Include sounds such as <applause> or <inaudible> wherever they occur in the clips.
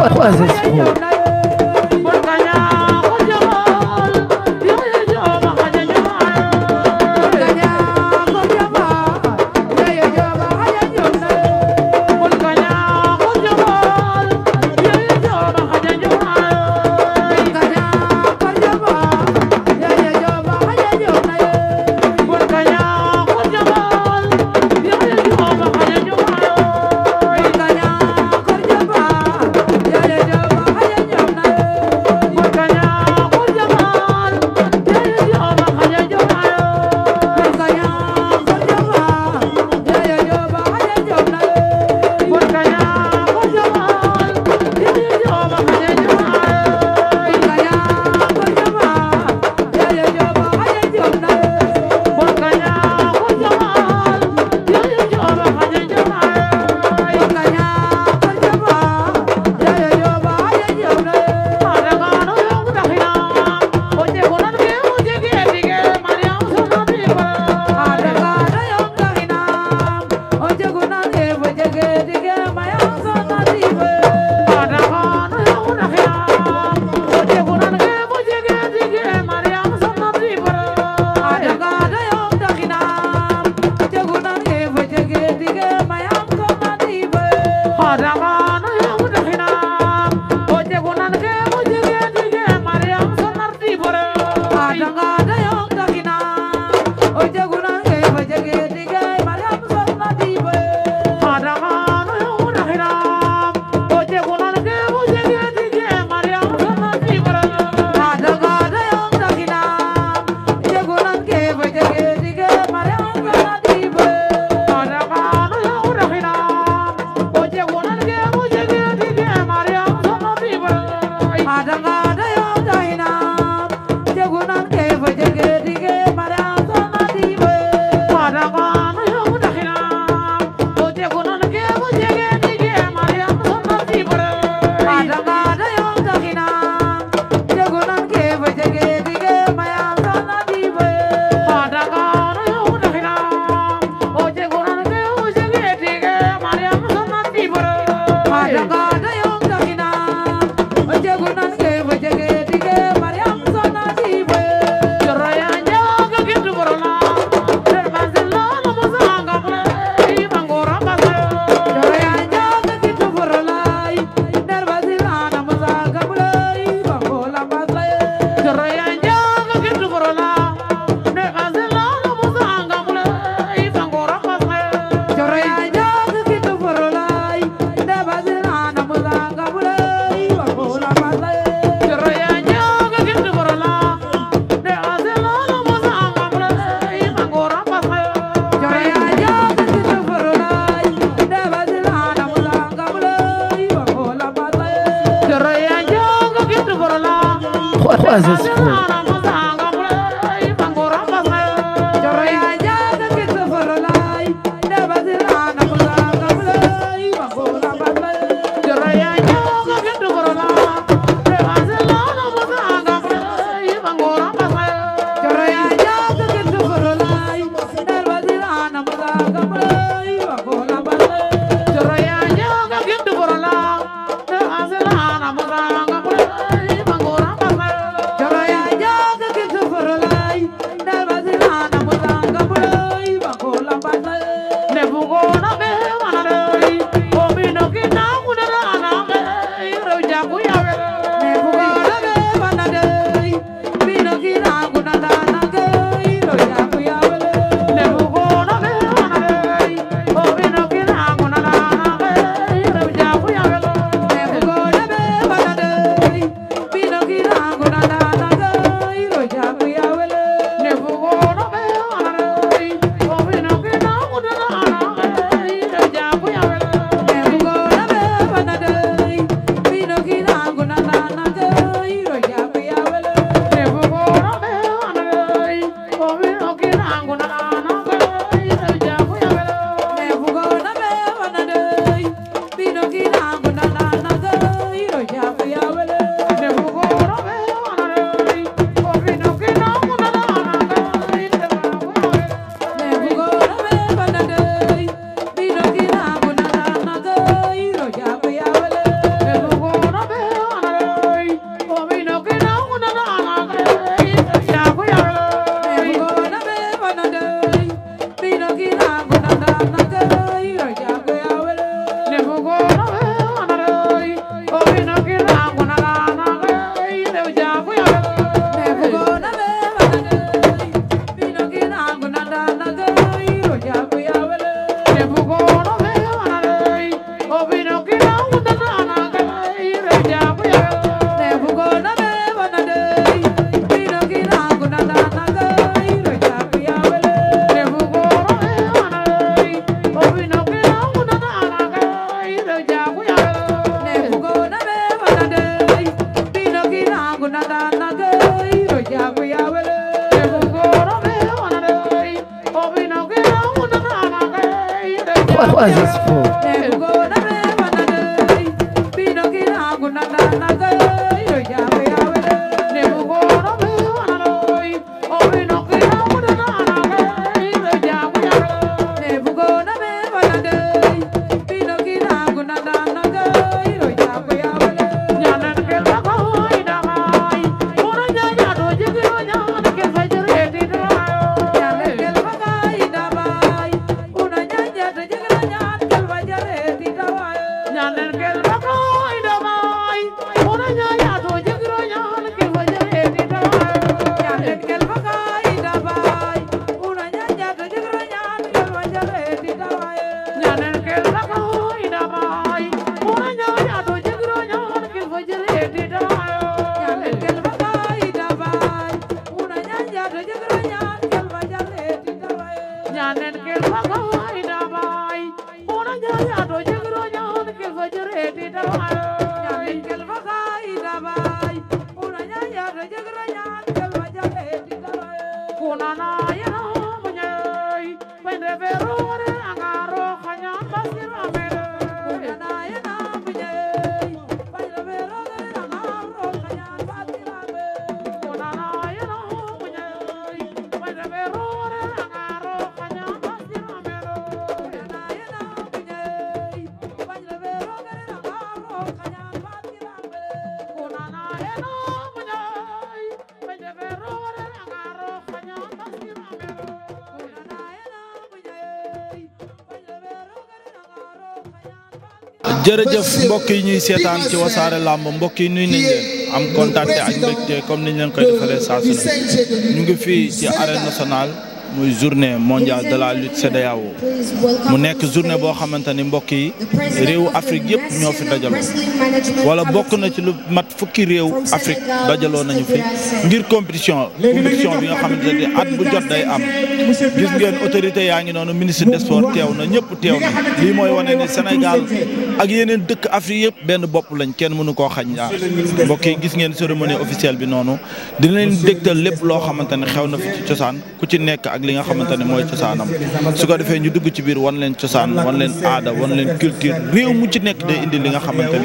what was this for? jërëjëf mbokk yi ñuy seetaan ci wasaare làmb mbokk yi nuy nañ leen am kontaan ak mbégte comme niñ leen koy defalee ñu ngi fii ci arène national muy journée mondiale de la lutte CEDEAO mu nekk journée boo xamante ni mbokk yi réew Afrique yëpp ñoo fi dajaloo wala bokk na ci lu mat fukki réew Afrique dajaloo nañu fi ngir compétition compétition bi nga xamante ni at bu jot day am. gis ngeen autorité yaa ngi noonu ministre des sports teew na ñëpp teew na lii mooy wane ni Sénégal ak yeneen dëkk Afrique yëpp benn bopp lañ kenn mënu koo xañ daal mbokk yi gis ngeen cérémonie officielle bi noonu dina leen dégtal lépp loo xamante ne xew na fi ci cosaan ku ci nekk ak li nga xamante ne mooy cosaanam su ko defee ñu dugg ci biir wan leen cosaan wan leen aada wan leen culture réew mu ci nekk day indi li nga xamante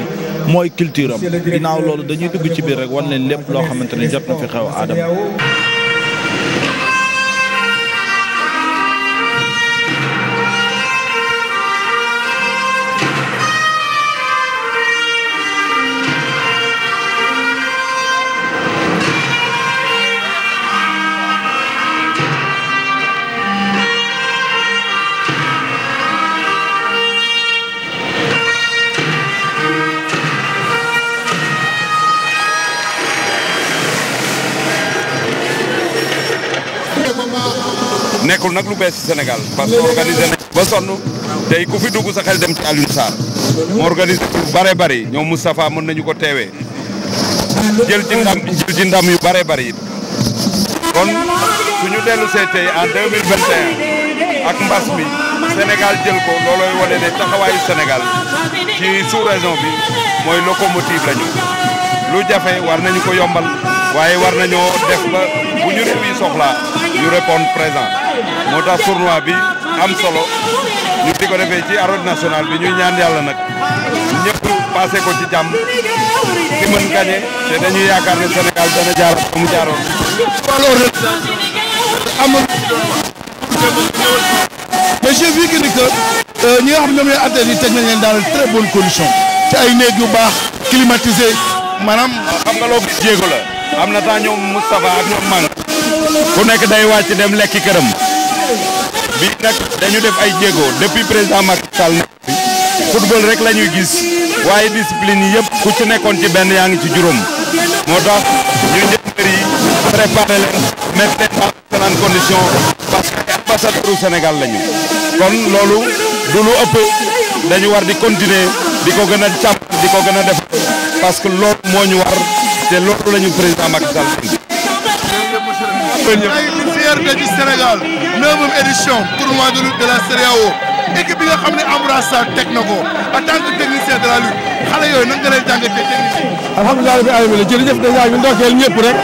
mooy culture am ginnaaw loolu dañuy dugg ci biir rek wan leen lépp loo xamante ne jot na fi xew aadam nekkul nag lu bees Sénégal parce que organisé ba sonn tey ku fi dugg sa xel dem ci Alioune Sarr mu organisé lu bare bari ñoo Moustapha mën nañu ko teewee jël ci ndam yu bare bari it kon su ñu dellu tey en 2021 ak mbas mi Sénégal jël ko loolooy wane ne taxawaayu Sénégal ci sous-région bi mooy locomotive lañu lu jafe war nañu ko yombal waaye war nañoo def ba bu ñu réew yi ñu répondre présent moo tax tournoi bi am solo ñu di ko defee ci arène nationale bi ñuy ñaan yàlla nag ñëpp passé ko ci jàmm ci mën gagné te dañuy yaakaar ne Sénégal dana jaar ba mu jaaroon. amul. mais j'ai vu que ni euh, nañ leen daal très bonne ay néeg yu baax climatisé maanaam. xam nga loo gis la. am na temps ñoom Moustapha ak ñoom Mang. ku nekk day wàcc dem lekki këram. bi nag dañu def ay jéego depuis président Macky Sall football rek la ñuy gis waaye discipline yi yëpp ku ci nekkoon ci benn yaa ngi ci juróom moo tax ñu njëkkër yi préparé leen mettre leen en excellente condition parce que ambassadeur Sénégal la ñu kon loolu du lu ëpp dañu war di continuer di ko gën a càmm di ko gën a def parce que loolu moo ñu war te loolu la ñu président Macky Sall première de ci Sénégal neuvième édition tournoi de lutte de la CEDEAO équipe bi nga xam ne Ambroise Sarr teg na ko en technicien de la lutte xale yooyu nan nga lay jàngatee technicien. alhamdulilah rabbil alamin jërëjëf dèjà ñu ndokkeel ñëpp rek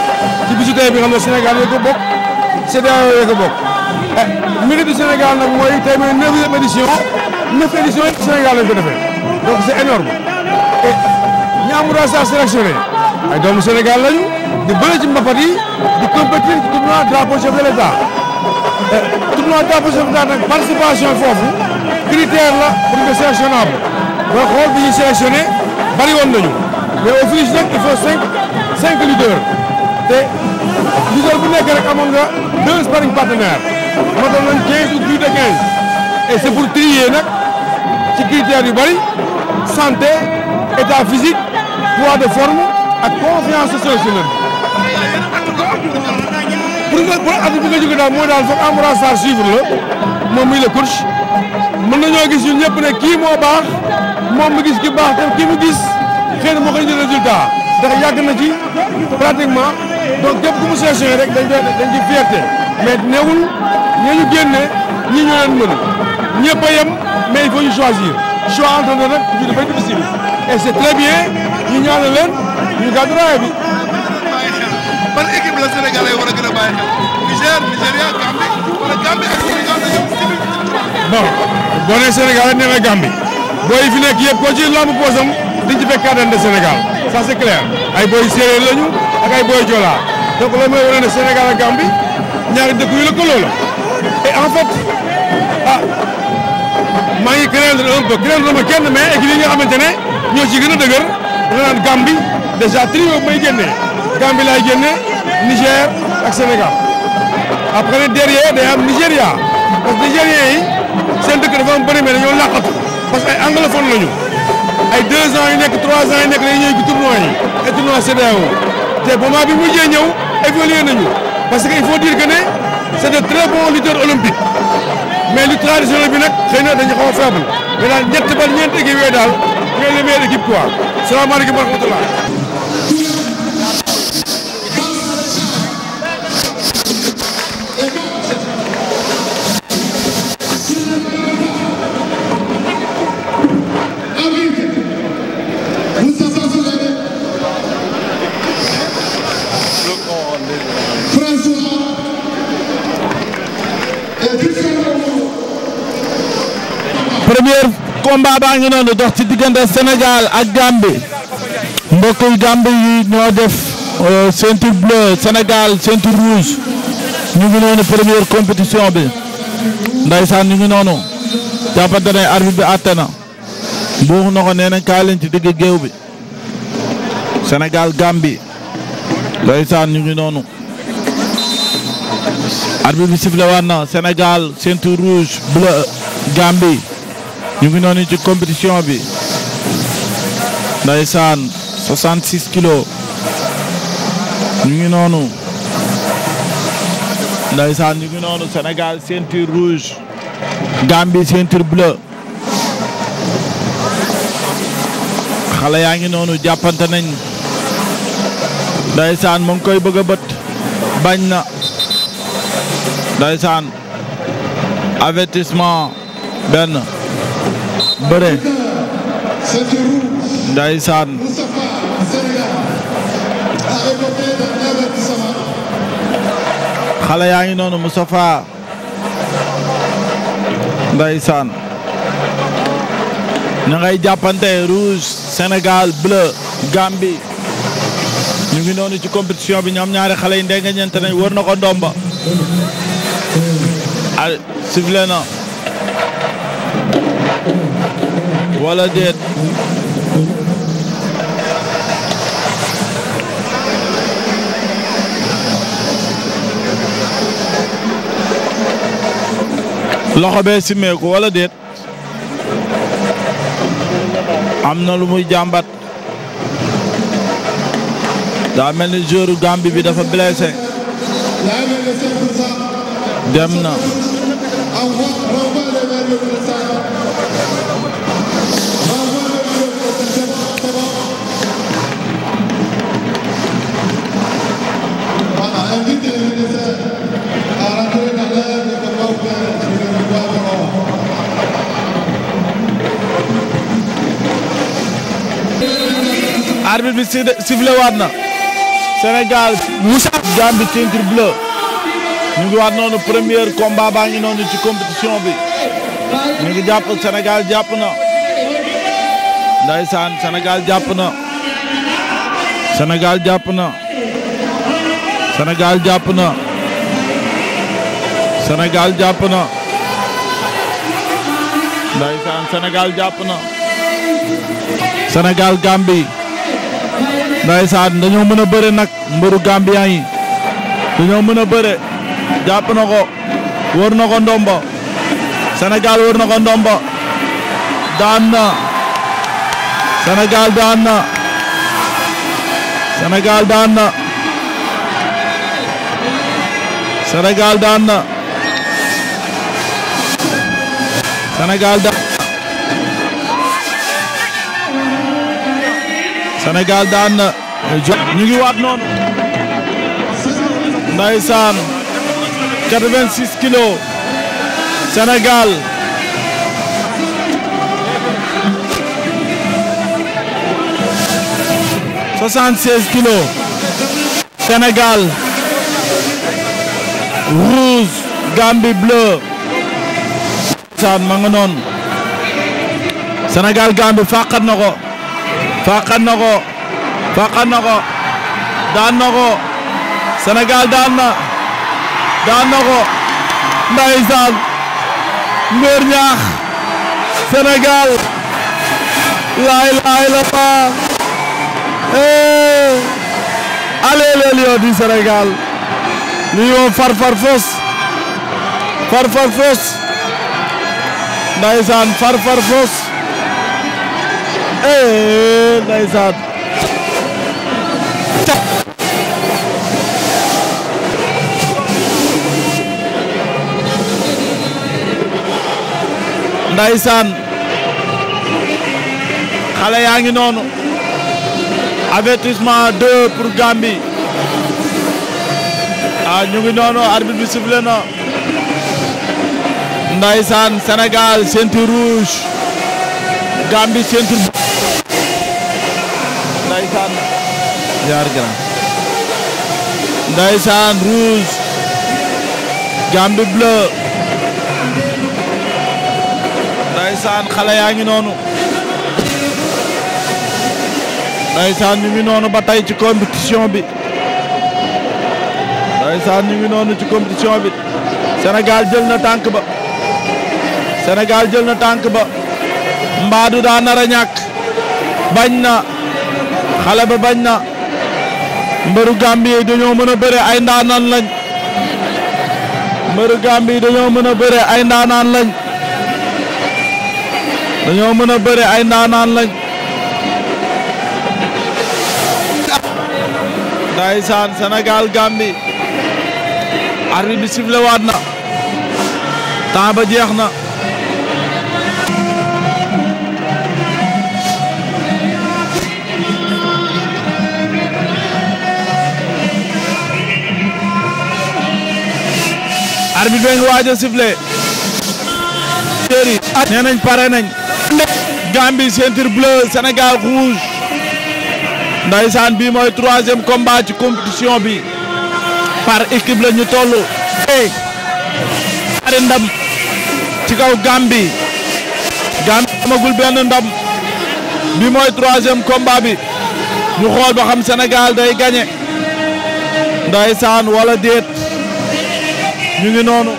ci bisu tey bi nga xam Sénégal yooyu ko bokk CEDEAO yooyu ko bokk. Eh, mérite du Sénégal nag mooy tey mooy neuvième édition neuf édition yëpp Sénégal lañ ko defee donc c' est énorme et ñi Ambroise Sarr sélectionné ay doomu Sénégal lañu. di bëre ci mbapat yi di compétir ci tournoi drapeau chef de l'État eh, tournoi drapeau chef de l'État nag participation foofu critère la pour nga sélectionnable boo xool bi ñuy sélectionné bari woon nañu mais au finish nag il faut cinq cinq leaders te leader bu nekk rek amoon nga deux sparring partenaires matoon nañ ou plus de quinze et c'est pour trier nag ci critères yu bari santé état physique poids de forme ak confiance sociale pour nga pour at bi nga jóge daal mooy daal foog Ambroise Sarr suivre la moom muy le coach mën nañoo gis ñun ñëpp ne kii moo baax moom mu gis ki baax te kii mu gis xëy na moo koy jël résultat ndax yàgg na ci pratiquement donc képp ku mu séchee rek dañ koy dañ ci mais newul ñoo ñu génne ñi ñoo leen mën ñëpp a yem mais il faut ñu choisir choix entraîneur rek ñu dafay difficile et c'est très bien ñu ñaanal leen ñu gàddu bi. la Sénégalais war a gën a bàyyi xel Niger bon boo nee Sénégal rek nee na Gambie booy de Sénégal ça c'est clair ay booy séeréer lañu ak ay booy joolaa donc loolu mooy wane ne Sénégal ak la et en fait ah maa ngi craindre kenn mais équipe yi nga xamante ne ñoo ci gën a dëgër da nga naan trio may génnee Gambie laay génnee. Niger ak Sénégal après derrière day am Nigéria parce que Nigérien yi seen dëkk dafa am bëri mais dañoo parce que ay anglophone lañu ay deux ans yu nekk trois ans yu nekk dañuy ñëw ci tournoi yi et te moment bi mujjee ñëw évolué nañu parce que il faut dire que ne c' est de très bons lutteurs olympiques mais lu traditionnel bi nag xëy na dañu xaw a faible mais daal ñett ba ñeent équipe yooyu daal ñooy les meilleures équipes quoi salaamaaleykum wa rahmatulah. premier combat baa ngi noonu dox ci diggante Sénégal ak Gambie mbokku Gambie yi ñoo def euh, ceinture bleu Sénégal ceinture rouge ñu ngi noonu première compétition bi ndaysaan ñu ngi noonu jàppante ne arbitre bi àtte na buux na ko nee nañ ci digg géew bi Sénégal Gambie ndaysaan ñu ngi noonu arbitre bi sifflé waat na Sénégal ceinture rouge bleu Gambie ñu ngi noonu ci compétition bi ndaysaan 66 kilo ñu ngi noonu ndaysaan ñu ngi noonu Sénégal ceinture rouge Gambie ceinture bleue xale yaa ngi noonu jàppante nañ ndaysaan mu ngi koy bëgg a bët bañ na ndaysaan avertissement benn bëre ndeysaan xale yaa ngi noonu Moustapha saan ñu ngay jàppante rouge Sénégal bleu Gambie ñu ngi noonu ci compétition bi ñoom ñaari xale yi ndengeñante nañ wër na ko ndomba a sifle wala déet loxo bee simmeeku wala déet am na lu muy jàmbat daa mel ni joueur Gambie bi dafa blessé dem na arbitre bi sifflé waat na Sénégal Moussa Gambie ceinture bleu ñu ngi waat noonu premier combat baa ngi noonu ci compétition bi ñu ngi jàpp Sénégal jàpp na ndaysaan Sénégal jàpp na Sénégal jàpp na Sénégal jàpp na Sénégal jàpp na ndaysaan Sénégal jàpp na Sénégal Gambie ndeysaan dañoo mën a bëre nag mbëru Gambien yi dañoo mën a bëre jàpp na ko wër na ko ndombo Sénégal wër na ko ndomba daan na senegal daan na senegal daan na senegal daan na senegal daan Sénégal daan na eh, ñu ngi waat noonu ndaysaan 86 kilos Sénégal soixante-seize kilos Sénégal rouge Gambie bleu saan ma nga noonu Sénégal Gambie fàqat na ko faqan na ko faqan na ko daan na ko Sénégal daan na daan na ko ndeysaan mbër ñaax Sénégal laay laay la ba eh allez les lions du Sénégal li ñu far far fos far far fos ndeysaan far far ndeysaan xale yaa ngi noonu avertissement 2 pour Gambie ah ñu ngi noonu arbitre bi sifflé na ndeysaan Sénégal ceinture rouge Gambie ceinture ndeysaan ñaari grand ndeysaan bleu ndeysaan xale yaa ngi noonu ndeysaan ñu ngi noonu ba tey ci compétition bi ndeysaan ñu ngi noonu ci compétition bi Sénégal jël na tànk ba Sénégal jël na tànk ba mbaadu daa nar a bañ na xale ba bañ na mbëru Gambie yi dañoo mën a bëre ay ndaanaan lañ mbëru Gambie yi dañoo mën a bëre ay ndaanaan lañ dañoo mën a bëre ay ndaanaan lañ ndaysaan Sénégal Gambie arbitre bi siflewaat na temps ba jeex na arbitre bi ngi waaj a sifflé ah, nee nañ pare nañ Gambie ceinture Sénégal rouge ndaysaan bi mooy troisième combat ci compétition bi par équipe la ñu toll ci kaw Gambie Gambie amagul benn ndam bi mooy troisième combat bi ñu xool ba xam Sénégal day gagné ndaysaan wala déet ñu ngi noonu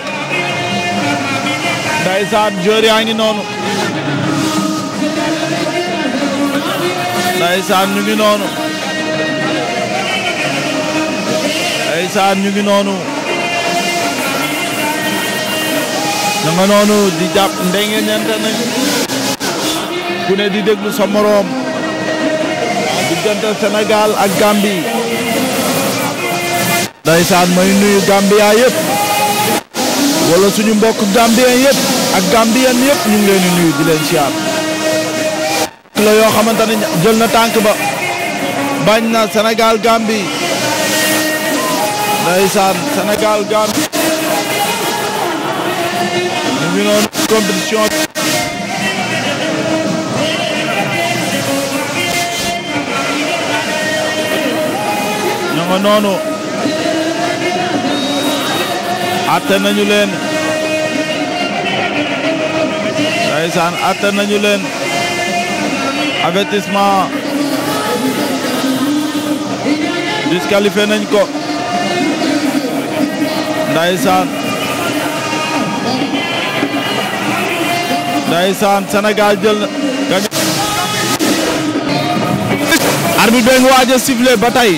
ndaysaan joor yaa ngi noonu ndaysaan ñu ngi noonu ndaysaan noonu na di jàpp ndenge ñente nañ ku ne di déglu sa moroom diggante Sénégal ak Gambie ndaysaan may nuyu Gambia yëpp wala suñu mbokk gambien yëpp ak gambien yëpp ñu ngi leen di nuyu di yoo xamante ne jël na tànk ba bañ na Sénégal Gambie senegal Sénégal Gambie ñu noonu atte nañu leen ndeysaan atte nañu leen avertissement disqualifié nañ ko ndeysaan ndeysaan Sénégal jël na arbitre waaj a sifflé ba tey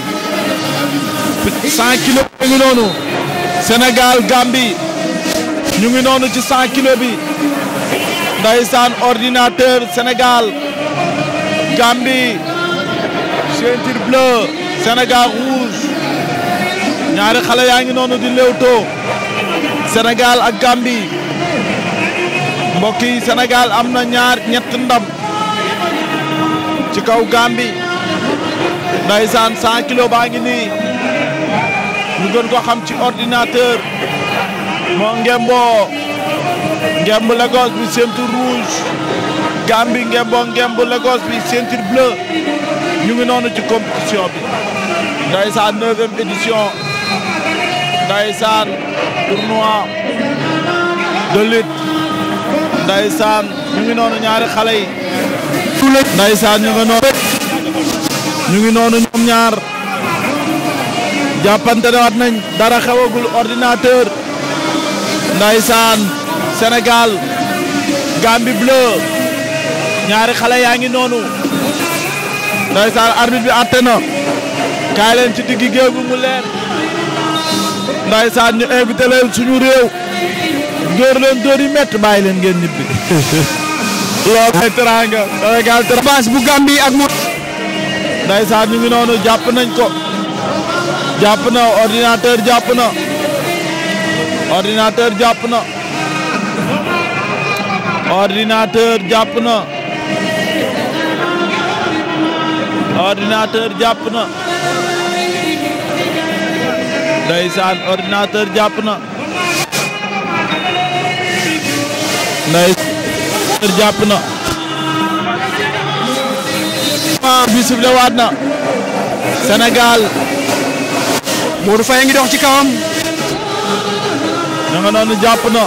100 noonu Sénégal Gambie ñu ngi noonu ci 100 kilo bi ndaysaan ordinateur Sénégal Gambie ceinture bleu Sénégal rouge ñaari xale yaa ngi noonu di léewtoo Sénégal ak Gambie mbokk yi Sénégal am na ñaar ñett ndam ci kaw Gambie ndaysaan 100 kilo baa ngi nii ñu ko xam ci ordinateur moo ngemboo ngemb Lagos bi ceinture rouge Gambie ngemboo ngemb Lagos bi ceinture bleu ñu ngi noonu ci compétition bi ndaysaan neuvième édition ndaysaan tournoi de lutte ndaysaan ñu ngi noonu ñaari xale yi ndaysaan ñu ngi noonu ñu ngi noonu ñoom ñaar jàppante ne waat dara xewagul ordinateur ndaysaan Sénégal Gambie bleu ñaari xale yaa ngi noonu ndaysaan arbitre bi àtte na kaay leen ci digg géew bi mu leer ndaysaan ñu invité leen suñu réew dóor leen dóor yi métti bàyyi leen ngeen ñibbi <laughs> loolu ay teraanga Sénégal teraanga bu Gambie ak mo ndaysaan ñu ngi noonu jàpp nañ ko jàpp na ordinateur jàpp na ordinateur jàpp na ordinateur jàpp na ordinateur jàpp na ndeysaan ordinateur jàpp na ndeysaan jàpp na bi na Sénégal Modou Faye ngi dox ci kawam. na nga noonu jàpp na.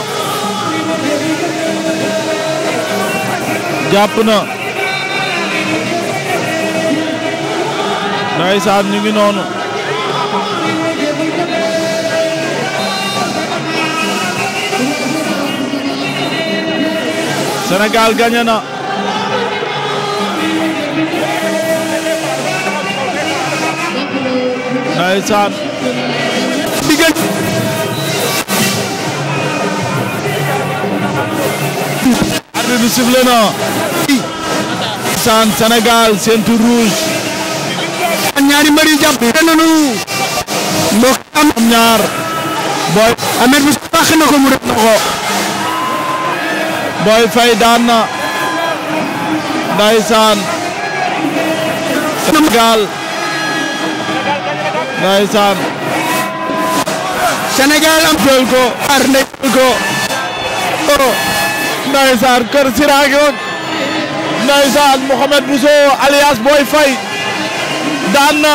jàpp na. ndeysaan ñu ngi noonu. senegal gagné na. ndeysaan. arbitre bi sifflé na saan Sénégal ceinture rouge am ñaar booy amet bi baax ndaysaan kër Sira ngi woon ndaysaan Mouhamed Bousso alias Boy Faye daan na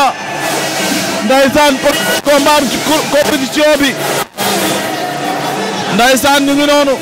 ndaysaan combat ci compétition bi ndaysaan ñu ngi noonu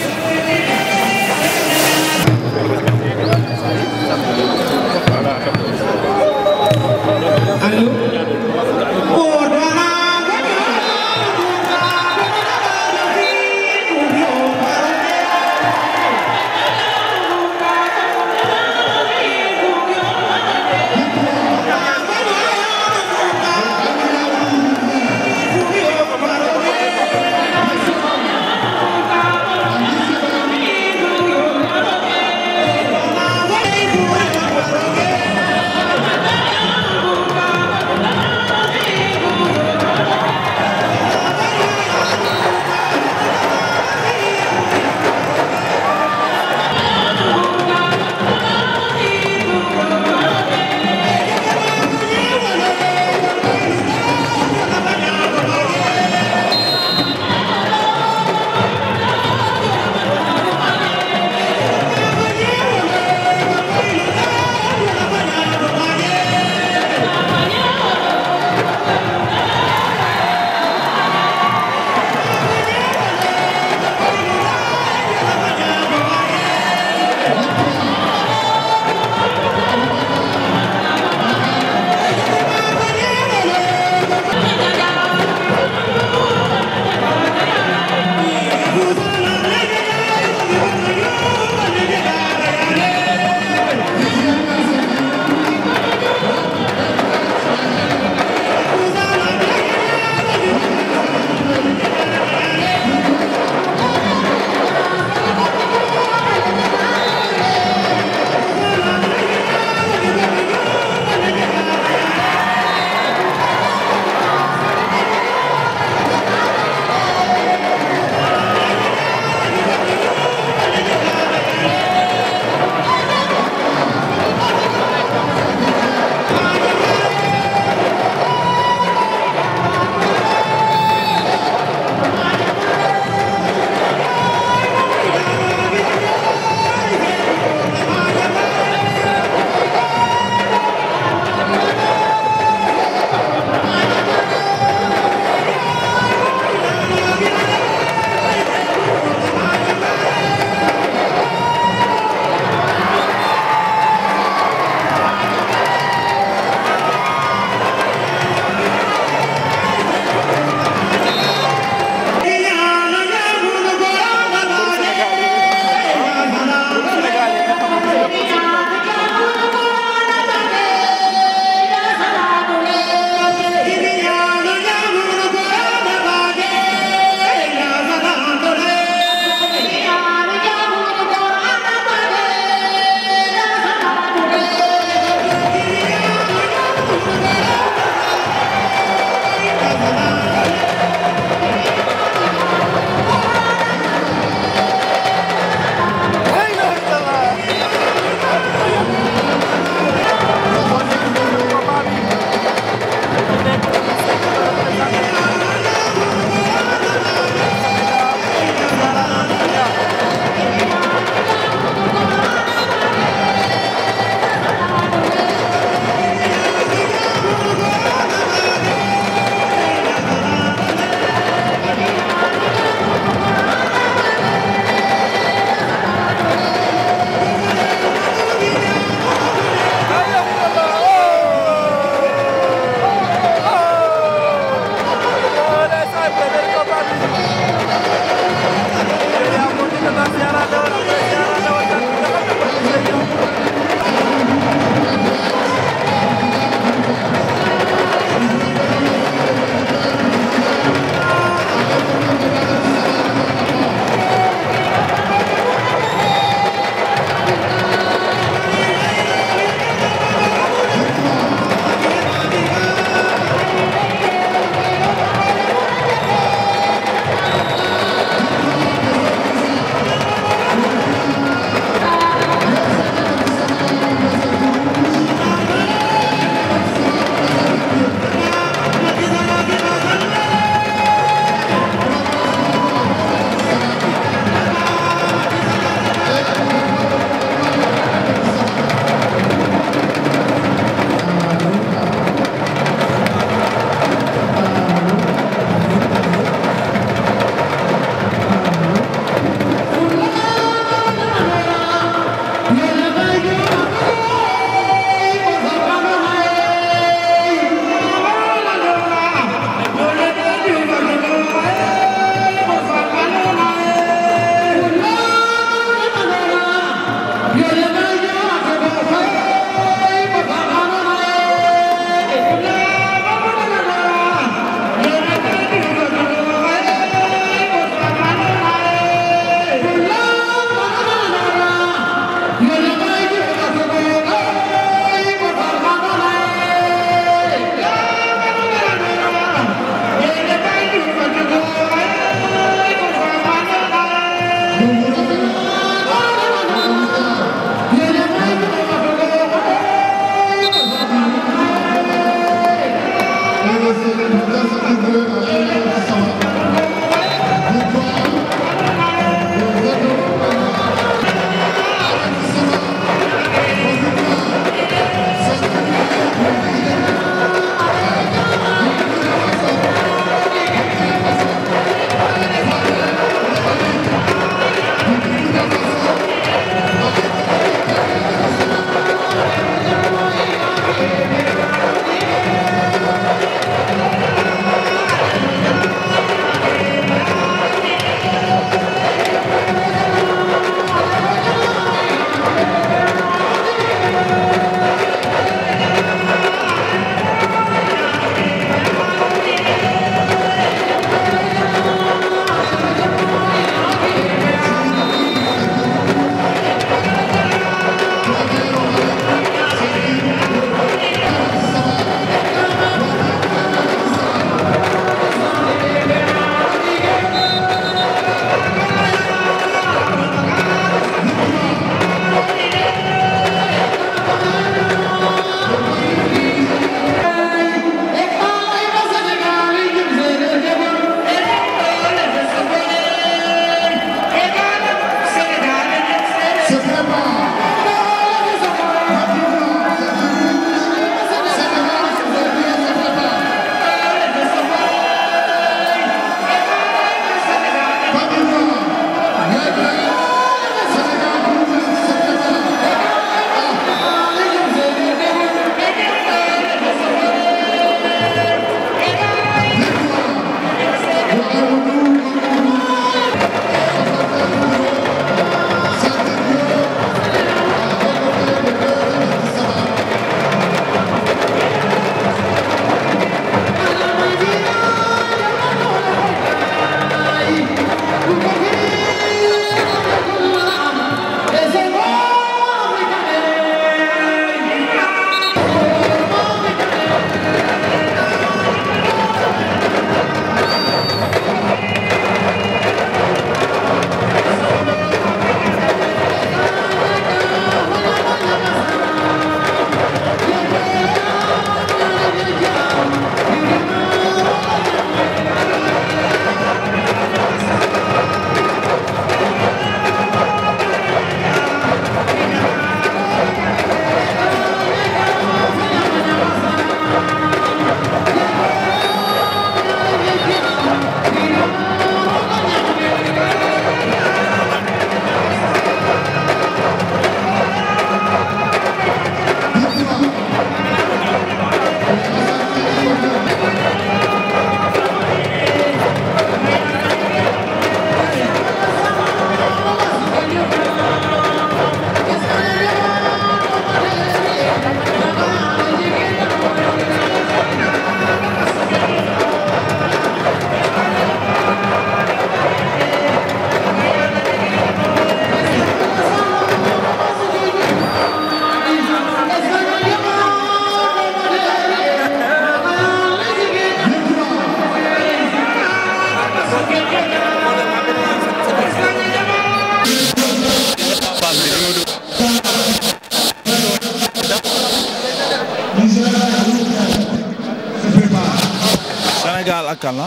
kan la.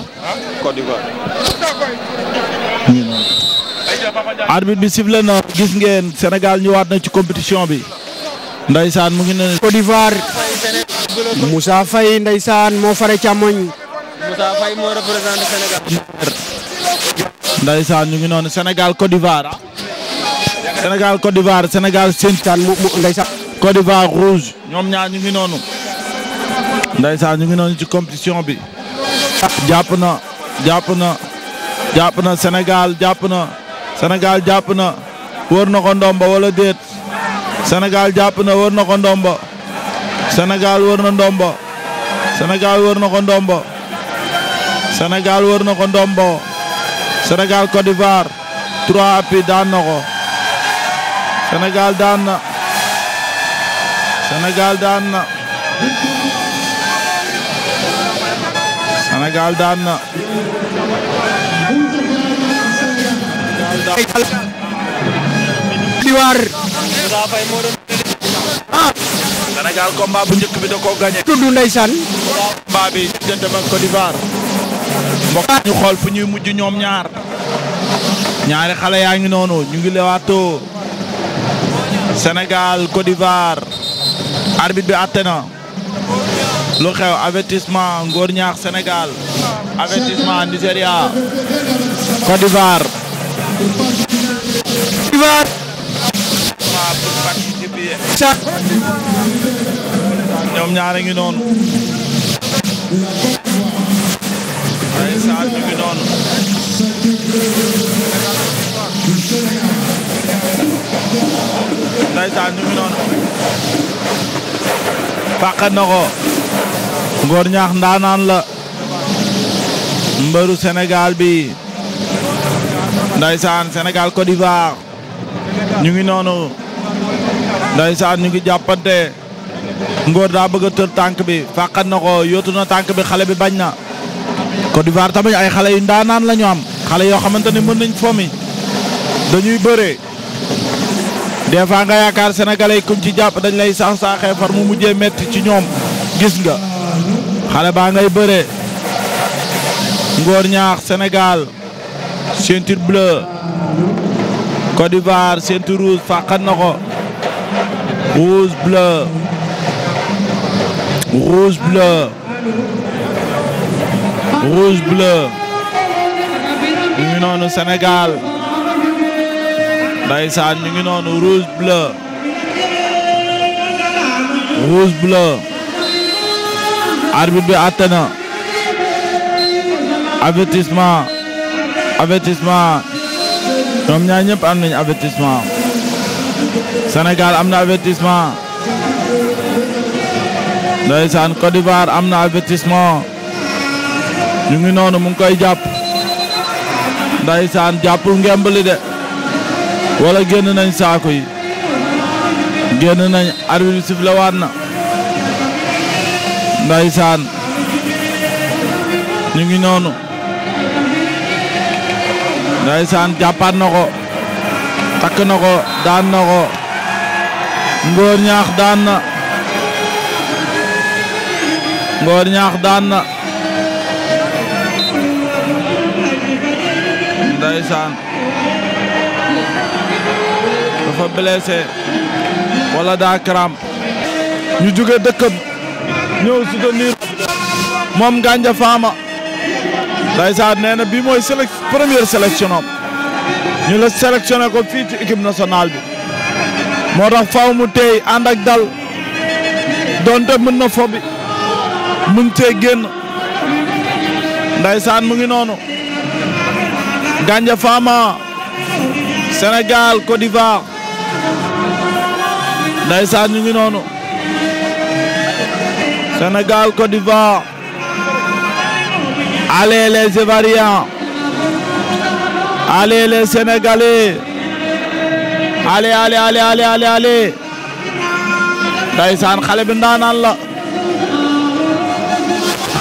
Côte d'Ivoire. arbitre bi sifflé na gis ngeen Sénégal ñëwaat na ci compétition bi. Ndeysaan mu ngi ne. Côte d'Ivoire. Moussa Faye Ndeysaan moo fare càmmoñ. Moussa Faye ñu ngi noonu Sénégal Côte d'Ivoire. Ah. Sénégal Côte d'Ivoire Sénégal seen. Ndeysaan Côte d'Ivoire rouge. ñoom ñaar ñu ngi noonu. Ndeysaan ñu ngi noonu ci compétition bi. jàpp na jàpp na jàpp na Sénégal jàpp na Sénégal jàpp na wër na ko ndombo wala déet senegal jàpp na wër na ko ndomba senegal wër na ndomba Sénégal wër na ko ndomba senegal wër na ko ndombo senegal Côte d'Ivoire trois appuis daan na ko senegal daan na Sénégal Sénégal daan na. bu njëkk bi da koo gagné. tudd ndeysaan. combat d'Ivoire. mbokk ñu xool fu ñuy mujj ñoom ñaar. ñaari xale yaa ngi noonu ñu ngi lewaatoo. Sénégal Côte d'Ivoire. arbitre bi àtte na. lu xew avertissement Ngor ñaax Sénégal avertissement Nigéria Côte d'Ivoire. Côte ñu noonu. ay ñu ngi noonu. fàqan na Ngor ñaax ndaanaan la mbëru Sénégal bi ndaysaan Sénégal Côte d'Ivoire ñu ngi noonu ndaysaan ñu ngi jàppante Ngor daa bëgga a tànk bi fàqat na ko yóotu na tànk bi xale bi bañ na Côte d'Ivoire ay xale yu ndaanaan la ñu am xale yoo xamante ne mën nañ fomi dañuy bëree des fois nga yaakaar sénégalais yi ci jàpp dañ lay saax saaxee far mu mujjee metti ci ñoom gis nga xale baa ngay bëre Ngor ñaax Sénégal ceinture bleue Côte d'Ivoire ceinture na ko rouge bleu rouge bleu rouge bleu ñu ngi noonu Sénégal ndeysaan ñu ngi noonu rouge bleu rouge bleu arbitre bi àtte na avertissement avertissement ñoom ñaar ñëpp am nañu avertissement Sénégal am na avertissement ndeysaan Côte d'Ivoire am na avertissement ñu ngi noonu mu ngi koy jàpp saan jàppul ngemb li de wala génn nañ saako yi génn nañ arbitre bi sifflé waat na Ndeysaan ñu ngi noonu Ndeysaan jàppaat na ko takk na ko daan ko Ngor ñaax daan na Ngor ñaax daan na Ndeysaan dafa wala daa crampe ñu jóge dëkkam ñëw soutenir moom Gandia Fama ndeysaan nee na bii mooy selec première ñu la sélectionné ko fii ci équipe nationale bi moo tax faaw mu tey ànd ak dal donte mën na fobi mën cee génn ndeysaan mu ngi noonu Gandia Fama Sénégal Côte d'Ivoire ndeysaan ñu ngi noonu Sénégal Côte d'Ivoire allez les Ivoiriens allez les Sénégalais allez allez allez allez allez allez ndeysaan xale bi ndaanaan la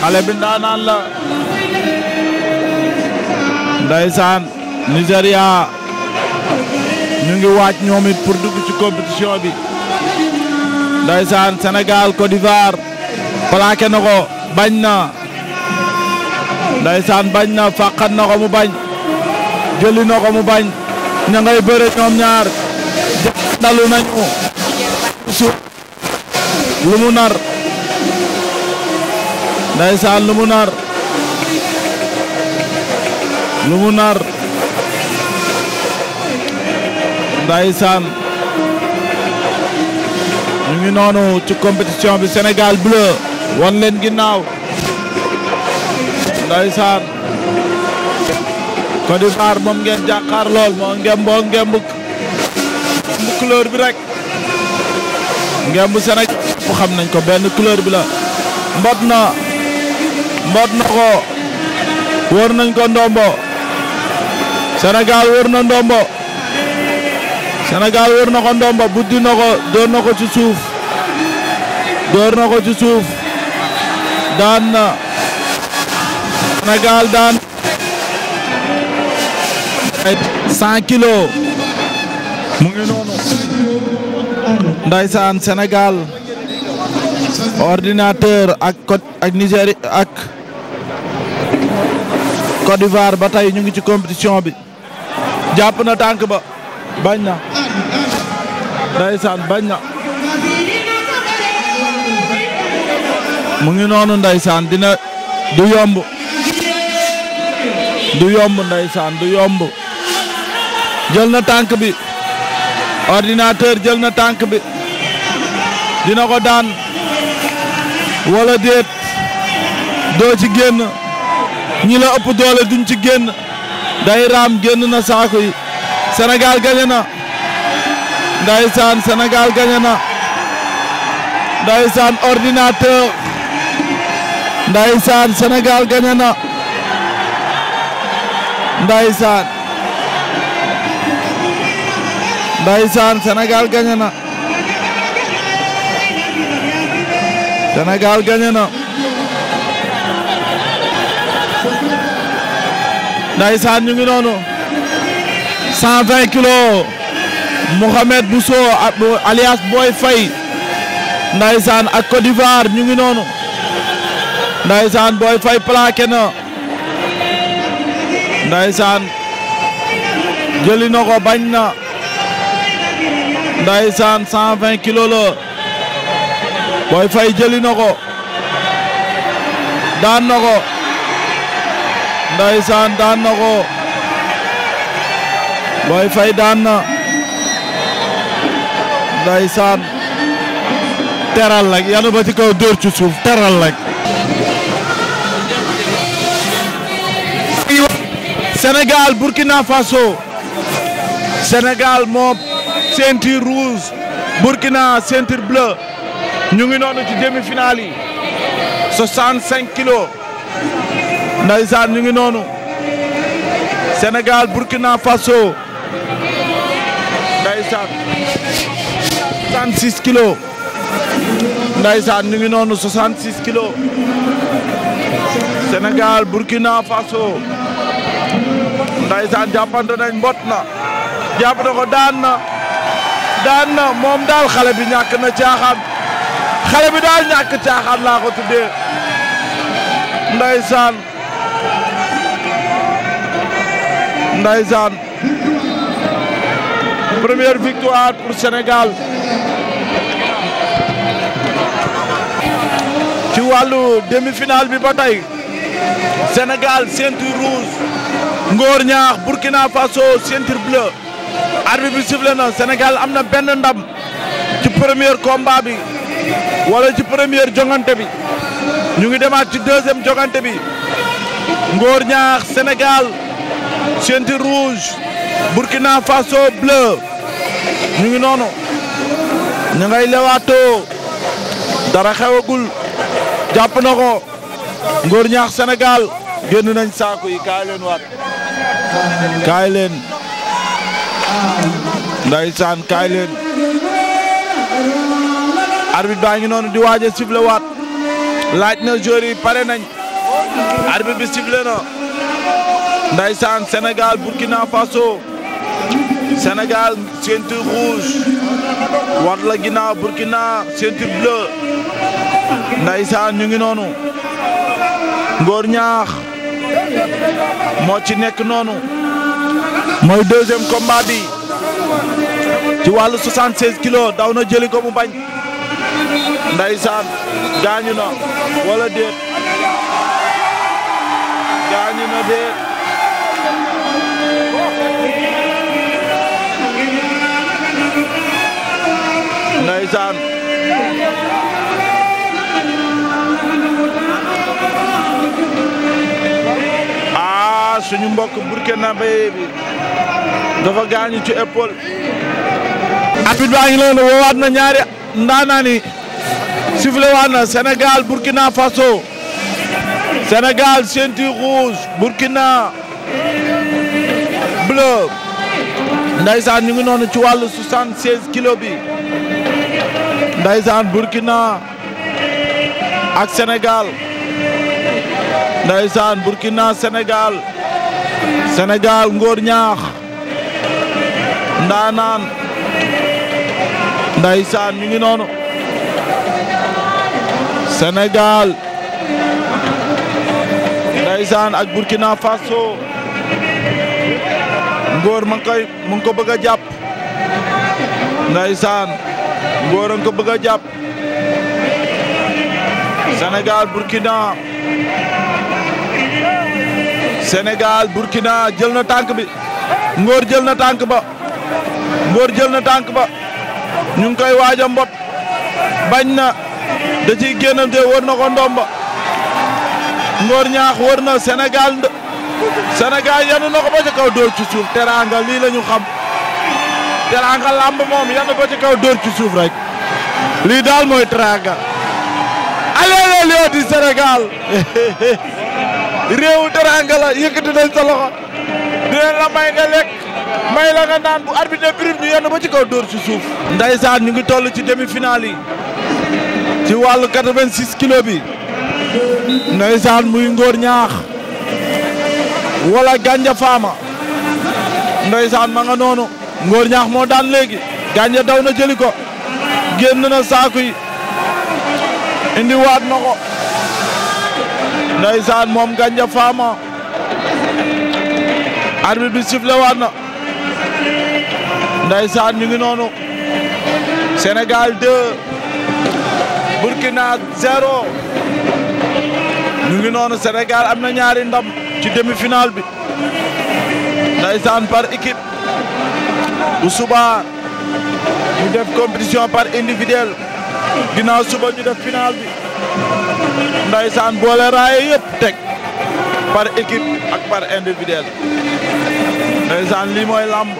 xale bi ndaanaan la ndeysaan Nigéria ñu ngi waaj ñoom it pour dugg ci compétition bi ndeysaan Sénégal Côte d'Ivoire plaqué na ko bañ na ndaysaan bañ na fàqat na ko mu bañ jëli na ko mu bañ ña ngay bëre ñoom ñaar dalu nañu suuf lu mu nar ndaysaan lu mu nar lu mu nar ndaysaan ñu ngi noonu ci compétition bi Sénégal bleu wan leen ginnaaw ndaysaan Côte d'Ivoire moom ngeen jàkkaar lool moo ngemb boo ngemb couleur bi rek ngemb Sénégal bu xam nañ ko benn couleur bi la mbot na mbot na ko wër nañ ko ndombo Sénégal wër na ndombo Sénégal wër na ko ndombo ko dóor na ko ci suuf dóor na ko ci suuf daan na Sénégal daan ay cent kilos mu ngi noonu ndaysaan Sénégal ordinateur ak Côte ak Nigéria ak Côte d'Ivoire ba tey ñu ngi ci compétition bi jàpp na tànk ba bañ na ndaysaan bañ na mu ngi noonu ndeysaan dina du yomb du yomb ndeysaan du yomb jël na tànk bi ordinateur jël na tànk bi dina ko daan wala déet doo ci génn ñi la ëpp doole duñ ci génn day raam génn na saako yi Sénégal gañe na ndeysaan Sénégal gañe na Ndeysaan Sénégal gagné na Ndeysaan Ndeysaan Sénégal gagné na senegal gagné na Ndeysaan ñu ngi noonu 120 kilos Mohamed Bousso alias Boy Faye Ndeysaan ak Côte d'Ivoire ñu ngi noonu Ndaysaan Boy Faye plaqué na Ndaysaan jëli na ko bañ na Ndaysaan cent vingt kilos la Boy Faye jëli na ko daan na ko Ndaysaan daan na ko Boy Faye daan na Ndaysaan teral rek yanu ba ci suuf teral Sénégal Burkina Faso senegal moo ceinture rouge Burkina ceinture bleu ñu ngi noonu ci demi-finale yi 65 kilos ndaysaan ñu ngi noonu senegal Burkina Faso ndaysaan 66 kilos ndaysaan ñu ngi noonu 66 kilos Sénégal Burkina Faso. ndaysaan jàppante nañ mbot na jàpp ko daan na daan na moom daal xale bi ñàkk na caaxaan xale bi daal ñàkk caaxaan laa ko tuddee ndaysaan ndaysaan première victoire pour Sénégal ci wàllu demi-finale bi ba tey Sénégal ceinture Ngor ñaax Burkina Faso ceinture bleue arbitre bi sible na senegal am na benn ndam ci premier combat bi walla ci premier jongante bi ñu ngi demaat ci deuxième jongante bi Ngor ñaax Sénégal ceinture rouge Burkina Faso bleu ñu ngi noonu ñu ngay lewaatoo dara xewagul jàpp na ko Ngor ñaax Sénégal. génn nañ saako yi kaay leen waat kaay leen ndeysaan kaay leen baa ngi noonu di waaj a sifflé laaj na joueurs pare nañ arbitre bi sifflé na ndeysaan Sénégal Burkina Faso Sénégal ceinture rouge war la ginnaaw Burkina ceinture bleue ndeysaan ñu ngi noonu Ngor Ñaax moo ci nekk noonu mooy deuxième combat bi ci wàllu 76 kilo daw na jëli ko mu bañ ndaysaan gaañu na wala déet gaañu na déet ndaysaan Ba suñu mbokk burkinabé bi dafa gaañu ci épaule. arbitre baa ngi leen woowaat na ñaari ndaanaan yi sifflé waat na Sénégal Burkina Faso Sénégal ceinture rouge Burkina bleu ndaysaan ñu ngi noonu ci wàllu 76 kilos bi ndaysaan Burkina ak Sénégal ndaysaan Burkina Sénégal ngóor ñaax naan ndaanaan ndaysaan ñu ngi noonu Sénégal ndaysaan ak Burkina Faso ngóor ma ngi koy ko bëgg a jàpp ndaysaan ngóor a ngi ko bëgg a jàpp Sénégal Burkina Sénégal Burkina jël na tànk bi Ngor jël na tànk ba Ngor jël na tànk ba ñu ngi koy waaj a mbot bañ na da ciy génnante wër na ko ndomba Ngor ñaax wër na Sénégal Sénégal yanu na ko ba ca kaw dóor ci suuf teraanga lii la ñu xam teraanga làmb moom yanu ba ca kaw dóor ci suuf rek lii daal mooy teraanga allez les lions du <laughs> réewu teranga la yëkkati nañ sa loxo dinañ la may nga lekk may la nga naan bu arbitre prime ñu yenn ba ci kaw dóor ci suuf. Ndeysaan ñu ngi toll ci demi-finale yi ci wàllu 86 kilos bi Ndeysaan muy ngóor ñaax wala gànja faama Ndeysaan ma nga noonu ngóor ñaax moo daan léegi gànja daw na jëli ko génn na saaku yi indiwaat na ko. ndeysaan moom Gandia Fama arbitre bi sifflé waat na ndeysaan ñu ngi noonu Sénégal 2 Burkina 0 ñu ngi noonu Sénégal am na ñaari ndam ci demi-finale bi ndeysaan par équipe bu ñu def compétition par individuel ginnaaw suba ñu def finale bi ndaysaan boole raay yëpp teg par équipe ak par individuel ndaysaan lii mooy làmb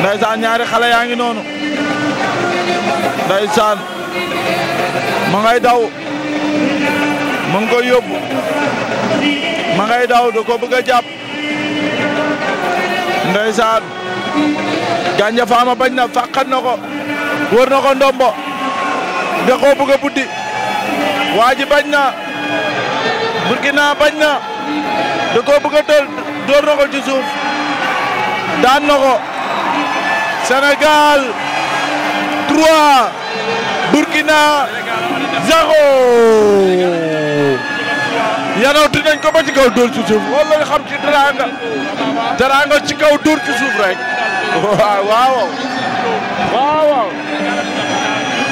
ndaysaan ñaari xale yaa ngi noonu ndaysaan ma ngay daw ma ngi koy yóbbu ma ngay daw da ko bëgg a jàpp ndaysaan gànja faama bañ na fàqat na ko wër na ndombo da koo bëgg a buddi bañ na Burkina bañ na da koo bëgg a dóor dóor na ko ci suuf daan na ko Sénégal 3 Burkina 0 yanawti nañ ko ba ci kaw dóor ci suuf wala xam ci teraanga ci kaw dóor ci rek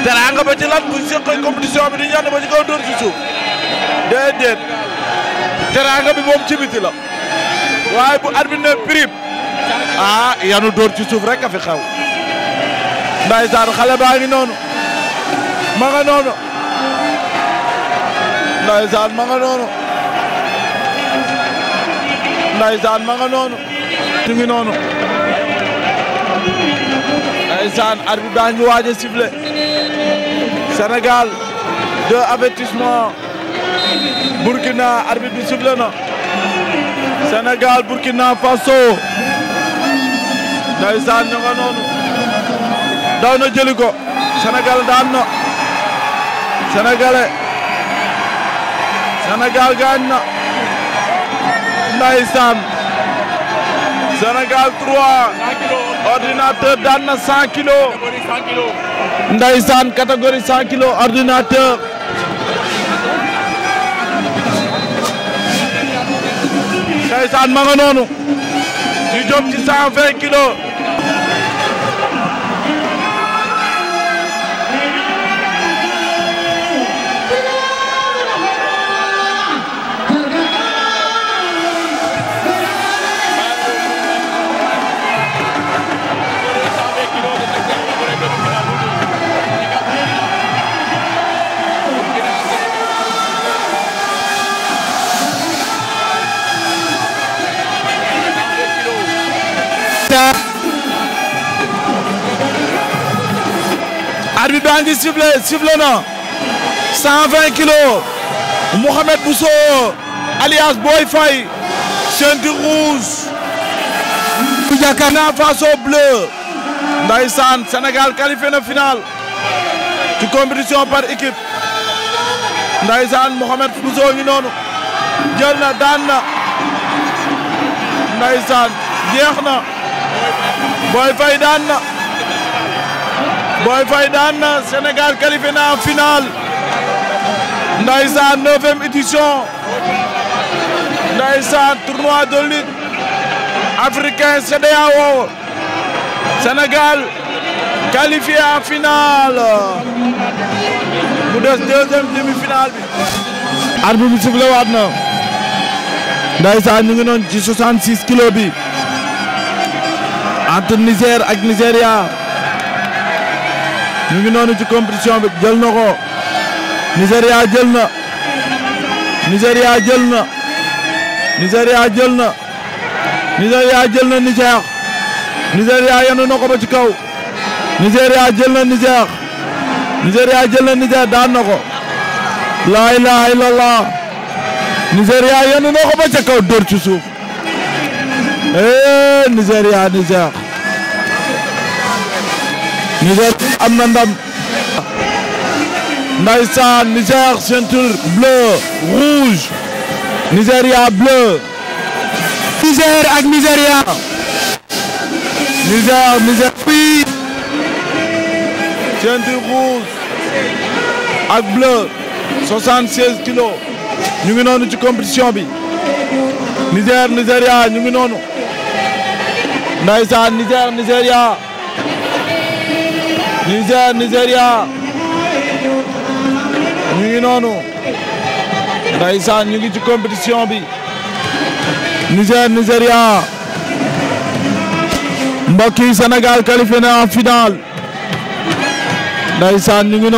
teraanga ba ci lan bu seqee compétition bi di ñaan ba ci kaw dóor ci suuf déedéet teraanga bi moom ci biti waaye bu arbitre ne prime ah yanu dóor ci fi xew ndaysaan xale baa noonu ma nga noonu ndaysaan ma ma nga noonu ñu ngi noonu ndaysaan waaj a siffler senegal deux avertissement Burkina arbitre bi sifflé na Sénégal Burkina Faso ndeysaan ñu nga noonu daw na jëli ko Sénégal daan na Sénégalais Sénégal gaañ na ndeysaan Sénégal 3 ordinateur daan na 100 Ndeysaan catégorie 100 kilos ordinateur Ndeysaan ma nga noonu ñu jëm ci arbitre baa ngi sifflé sifflé na 120 kilos Mouhamed Bousso alias Boy Faye ceinture rouge. bu jàkkaarloo face au bleu. Sénégal qualifié na final. ci par équipe. Ndeysaan Mouhamed Bousso ñu noonu. jël na daan na. Ndeysaan jeex na. Boy Boy Faye daan na Sénégal qualifié na en finale ndaysaan neuvième édition ndaysaan tournoi de lutte africain CEDEAO Sénégal qualifié en finale mu des deuxième demi-finale bi arbitre bi sifflé waat na ndaysaan ñu ngi noon ci 66 kilos bi entre Niger ak Nigeria ñu ngi noonu ci compétition bi jël na ko Nigéria jël na Nigéria jël na Nigéria jël na Nigéria jël na Niger Nigéria yenu na ko ba ci kaw Nigéria jël na Niger Nigéria jël na Niger daan na ko laa ilaha illallah Nigéria yenu na ko ba ci kaw dóor ci suuf eh Nigéria Niger Niger am na ndam ndeysaan Niger ceinture bleu rouge Nigeria bleu Niger ak Nigeria Niger Niger oui ceinture rouge ak bleu 76 kilos ñu ngi noonu ci compétition bi Niger Nigeria ñu ngi noonu ndeysaan Niger Nigeria Niger Nigeria ñu ngi noonu ndeysaan ñu ngi ci compétition bi Niger Nigeria yi Sénégal qualifié na en finale ndeysaan ñu ngi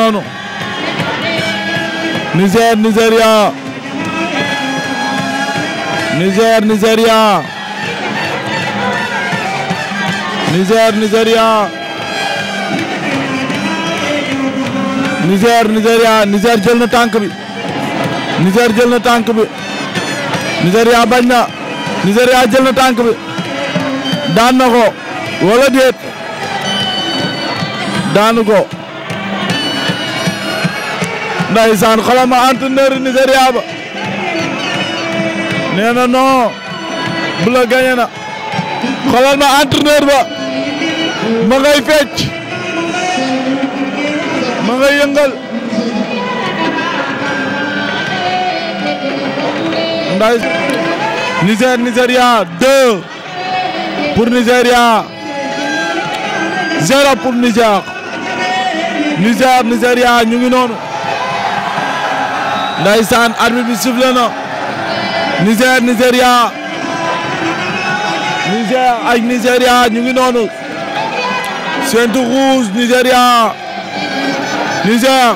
Niger Nigeria jël na tànk bi Niger jël na tànk bi Nigeria bañ na Nigeria jël na tànk bi daan na ko wala déet daanu ko ndeysaan xoolal ma entraîneur Nigeria ba nee na non bu la gañe na xoolal ma ba ma ngay fecc ngay yëngal nday Niger Nigeria 2 pour Nigeria 0 pour ñu ngi noonu ndaysaan arbitre bi sifflé na Niger Nigeria Niger ak Nigeria ñu ngi noonu centre rouge Nigeria Niger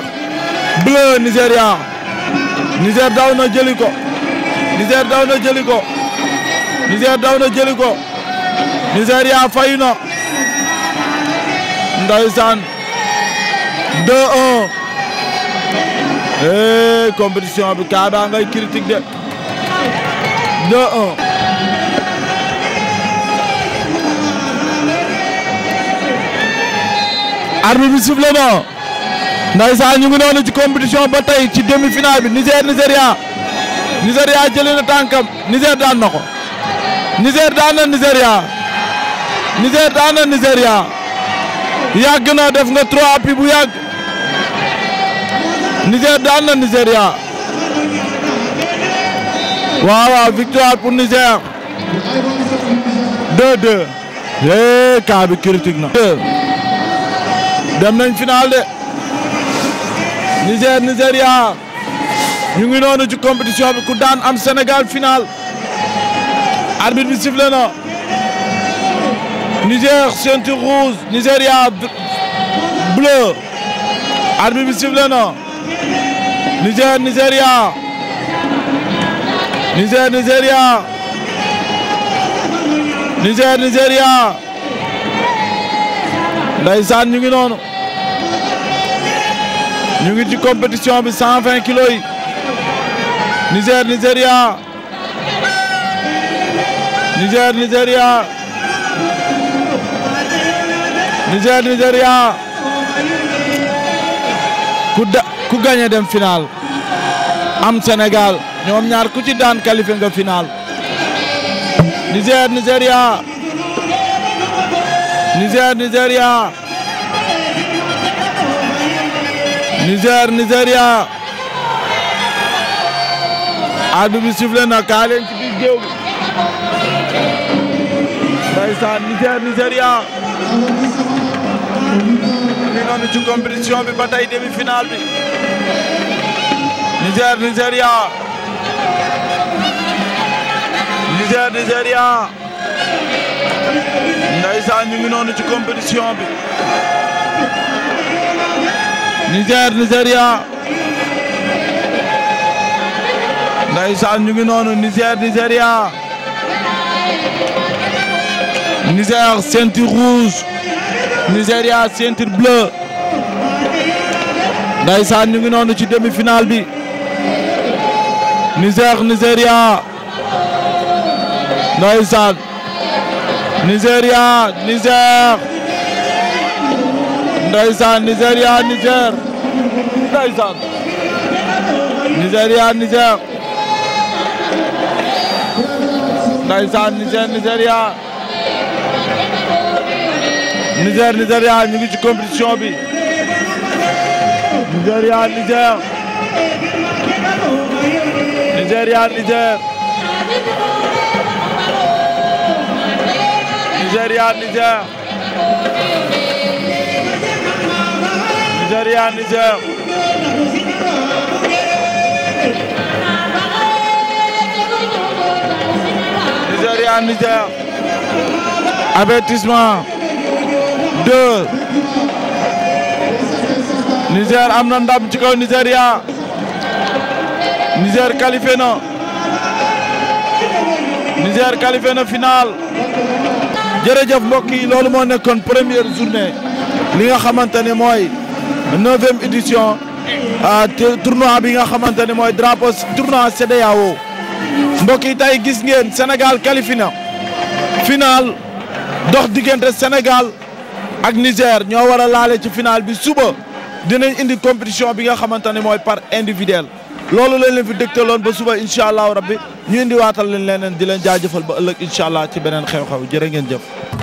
bleu Nigéria Niger daw na jëli daw na jëli ko Niger daw na jëli ko Nigéria fay na ndeysaan 2-1 eh compétition bi kaa baa ngay critique de 2-1 arbitre na ndaysaan ñu ngi noonu ci compétition ba tey ci demi-finale bi Niger Nigeria Nigeria jëlee na tànkam Niger daan na ko Niger daan na Nigeria Niger daan na Nigeria yàgg na def nga trois bu yàgg Niger daan na Nigeria waaw waaw victoire pour Niger 2-2 eh cas bi critique na. dem nañ final de. Niger Nigeria ñu ngi noonu ci compétition bi ku daan am Sénégal final arbitre bi sifflé na Niger ceinture rouge Nigeria bleu arbitre bi sifflé na Niger Nigeria Niger Nigeria Niger Nigeria ndeysaan ñu ngi noonu ñu ngi ci compétition bi cent vingt kiloy yi Niger Nigeria Niger Nigeria Niger Nigeria ku da dem final am Sénégal ñoom ñaar ku ci daan qualifié nga final Niger Nigeria Niger Nigeria Niger Nigeria arbitre bi na kaa ci biir géew bi ndeysaan Niger Nigeria mi noonu ci compétition bi ba tey demi-finale bi Niger Nigeria Niger Nigeria ñu ngi noonu ci compétition bi Niger Nigeria ndeysaan ñu ngi noonu Niger Nigeria Niger ceinture rouge Nigeria ceinture bleue ndeysaan ñu ngi noonu ci demi-finale bi Niger Nigeria ndeysaan Nigeria Niger ndeysaan Nigéria Niger ndeysaan Nigéria Niger ndeysaan Niger Nigéria Niger Nigéria ñu ngi ci compétition bi Nigéria Niger Nigéria Niger Nigéria Niger Nigéria Niger Nigéria am na ndam ci kaw Nigéria Niger qualifié na Niger qualifié na final jërëjëf mbokk yi loolu moo nekkoon première journée li nga xamante ne mooy neuvième édition ah, tournoi bi nga xamante ne mooy drapeau tournoi CEDEAO mbokk yi tey gis ngeen Sénégal qualifié na final dox diggante Sénégal ak Niger ñoo war a laale ci final bi suba dinañ indi compétition bi nga xamante ne mooy par individuel loolu lañ leen fi dégtaloon ba suba incha allahu rabbi ñu indi waatal leen leneen di leen jaajëfal ba ëllëg incha allah ci beneen xew-xew jërë ngeen jëf.